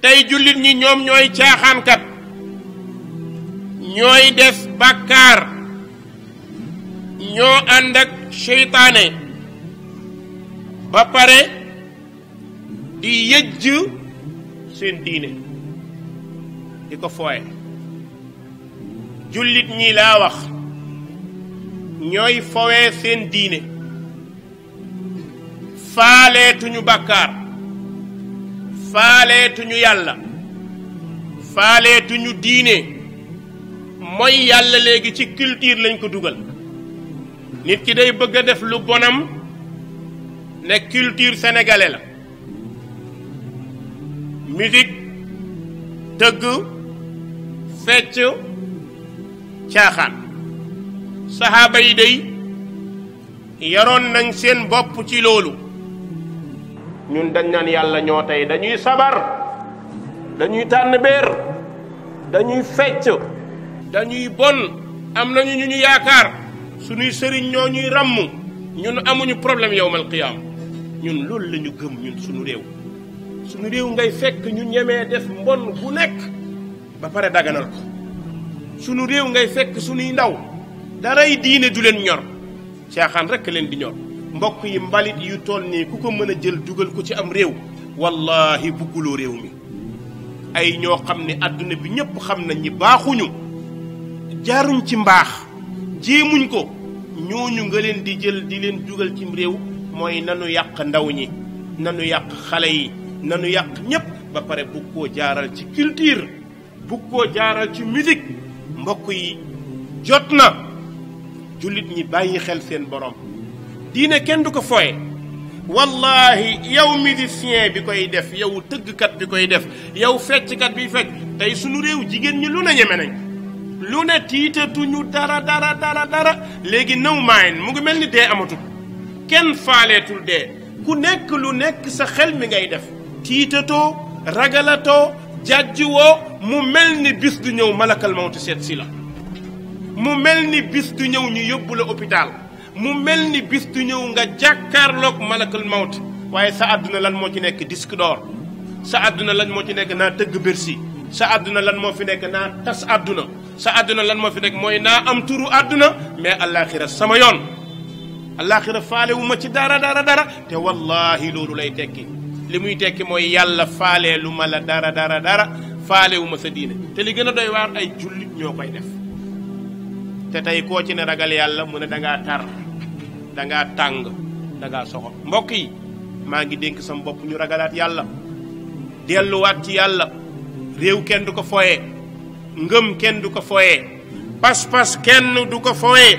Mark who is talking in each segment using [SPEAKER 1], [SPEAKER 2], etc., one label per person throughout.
[SPEAKER 1] tey jullit ñi ñoom ñooy caaxaankat ñooy def bàkkaar ñoo ànd ak seytaane ba pare di yëjj seen diine di ko fooye jullit ñi laa wax ñooy fowee seen diine faaleetuñu bàkkaar faaleetuñu yàlla faaleetuñu diine mooy yàlla léegi ci culture lañ ko dugal nit ki day bëgg a def lu bonam ne culture sénégalais la musique tëgg fecc caaxaan saxaaba yi day yaroon nañ seen bopp ci loolu ñun dañ naan yàlla ñoo tey dañuy sabar dañuy tànn béer dañuy fecc dañuy bon am nañu ñu ñu yaakaar suñuy sëriñ ñoo ñuy ràmm ñun amuñu problème yowmal qiyaam ñun loolu lañu ñu gëm ñun suñu réew suñu réew ngay fekk ñu ñemee def mbon ku nekk ba pare daganal ko sunu réew ngay fekk suñuy ndaw daray diine du leen ñor caaxaan rekk leen di ñor mbokk yi mbalit yu tool nii ku ko mën a jël dugal ko ci am réew wallahi bugguloo réew mi ay ñoo xam ne àdduna bi ñépp xam nañ ñi baaxuñu jaaruñ ci mbaax jéemuñ ko ñooñu nga leen di jël di leen dugal cim réew mooy nanu yàq ndaw ñi nanu yàq xale yi nanu yàq ñépp ba pare bug koo jaaral ci culture bug koo jaaral ci musique mbokk yi jot na jullit ñi bàyyi xel seen borom diine kenn du ko foye wallaahi yow musicien bi koy def yow tëggkat bi koy def yow fecckat bi fecc tey sunu réew jigéen ñi lu ne ñeme nañ lu ne tiitatuñu dara dara dara léegi naw maayen mu ngi mel ni dee amatul kenn faaleetul dee ku nekk lu nekk sa xel mi ngay def tiitatoo ragalatoo jàjjiwoo mu mel ni bis du ñëw malakal mawti seet si la mu mel ni bis du ñëw ñu yóbbu la hôpital mu mel ni bis du ñëw nga jàkkaarloog malakal mawt waaye sa àdduna lan moo ci nekk disque d'or sa àdduna lan moo ci nekk naa tëgg Bercy sa àdduna lan moo fi nekk naa tas àdduna sa àdduna lan moo fi nekk mooy naa am turu àdduna mais allaaxira sama yoon allaaxira faale wu ma ci dara dara dara te wallaahi loolu lay tekki li muy tekki mooy yàlla faale lu ma la dara dara dara faale sa diine te li gën a doy waar ay jullit ñoo koy def te tey koo ci ne ragal yàlla mu ne dangaa tar dangaa tàng dangaa soxor mbokk yi maa ngi dénk sam bopp ñu ragalaat yàlla delluwaat ci yàlla réew kenn du ko foye ngëm kenn du ko foye pas-pas kenn du ko foye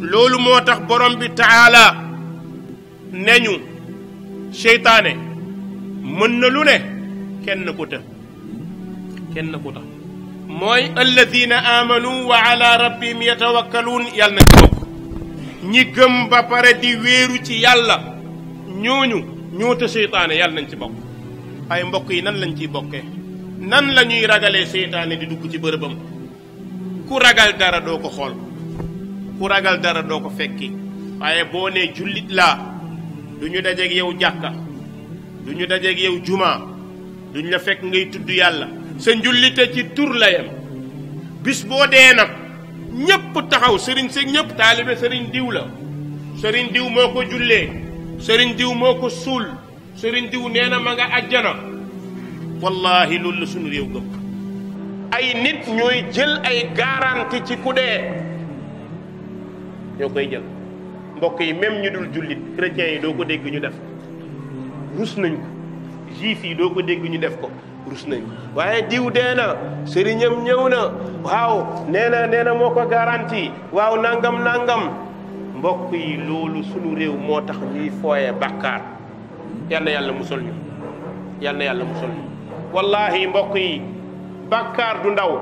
[SPEAKER 1] loolu moo tax borom bi taala ne ñu seytaane mën na lu ne kenn ku të kenn ku tax mooy alladina amanu wa ala rabbihim yatawakkaluun yàlla na ci bokk ñi gëm ba pare di wéeru ci yàlla ñooñu ñoo ta seytaane yàlla nañ ci bokk waaye mbokk yi nan lañ ciy bokkee nan lañuy ragalee seytaane di dugg ci bërëbam ku ragal dara doo ko xool ku ragal dara doo ko fekki waaye boo nee jullit laa du ñu dajeeg yow jàkka du ñu dajeeg yow jumaa duñ la fekk ngay tudd yàlla sa njullite ci tur la yem bis boo dee nag ñépp taxaw sëriñ si ñépp taalibe sëriñ diw la sëriñ diw moo ko jullee sëriñ diw moo ko suul sëriñ diw nee na ma nga àjjana wallaahi loolu la sunu réew gëm ay nit ñooy jël ay garanti ci ku dee ñoo koy jël mbokk yi même ñu dul jullit chrétiens yi doo ko dégg ñu def rus nañ ko juif yi doo ko dégg ñu def ko urus nañ waaye diw dee na sëriñam ñëw na waaw nee na nee na moo ko garanti waaw nangam nangam mbokk yi loolu sunu réew moo tax ñuy fooye bàkkaar yal na yàlla musal ñu yal na yàlla musal ñu wallahi mbokk yi bàkkaar du ndaw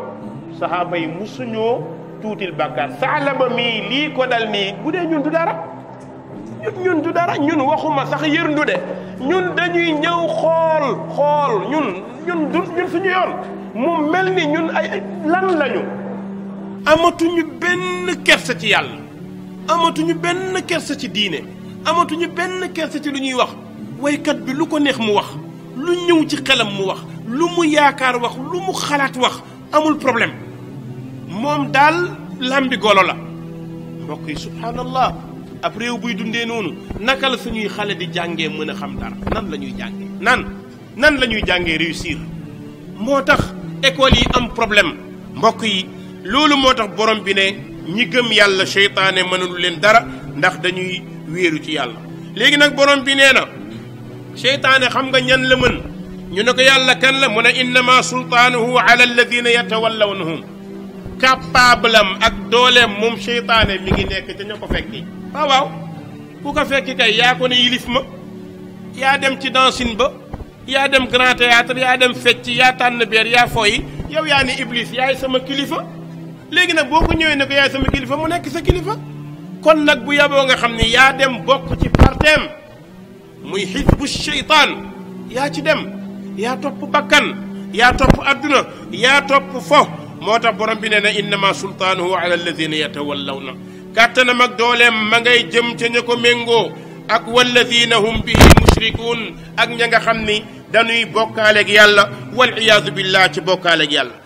[SPEAKER 1] sahaaba yi musuñoo tuutil bàkkaar saalaba mii lii ko dal nii bu ñun du dara ñun du dara ñun waxuma sax yërndu de ñun dañuy ñëw xool xool xool ñun ñun du ñun suñu yoon mu mel ni ñun ay lan lañu amatuñu benn kersa ci yàlla amatuñu benn kerse ci diine amatuñu benn kerse ci lu ñuy wax waykat bi lu ko neex mu wax lu ñëw ci xelam mu wax lu mu yaakaar wax lu mu xalaat wax amul problème moom daal làmbi golo la mbokk subhaanallah ab réew buy dundee noonu naka la suñuy xale di jàngee mën a xam dara nan la ñuy jàngee nan nan lañuy ñuy jàngee réussir moo tax école yi am problème mbokk yi loolu moo tax borom bi ne ñi gëm yàlla seytaane mënalu leen dara ndax dañuy wéeru ci yàlla léegi nag borom bi nee na seytaane xam nga ñan la mën ñu ne ko yàlla kan la mu ne innama sultaanuhu ala alladina yatawallawnahum capable am ak dooleem moom seytaane mi ngi nekk te ña ko fekki waaw waaw ku ko fekki kay yaa ko ne yilif ma yaa dem ci dansin ba يا دم غرانت يا تر يا دم فتي يا تان بير يا فوي يا وياني إبليس يا اسم الكليفة لكن أبوك نيو إنك يا اسم الكليفة منك سك الكليفة كن لك بيا بوعك خمني يا دم بوك تي بارتم ميحيط بالشيطان يا تدم يا توب بكن يا توب أدنى يا توب فو موتا بورم بيننا إنما سلطانه على الذين يتولون كاتنا مك دولم ماغي جيم مينغو اك والذين هم به mushrikuun ak ña nga xam ni dañuy bokkaaleeg yàlla wal iyaadu billah ci bokkaaleeg yàlla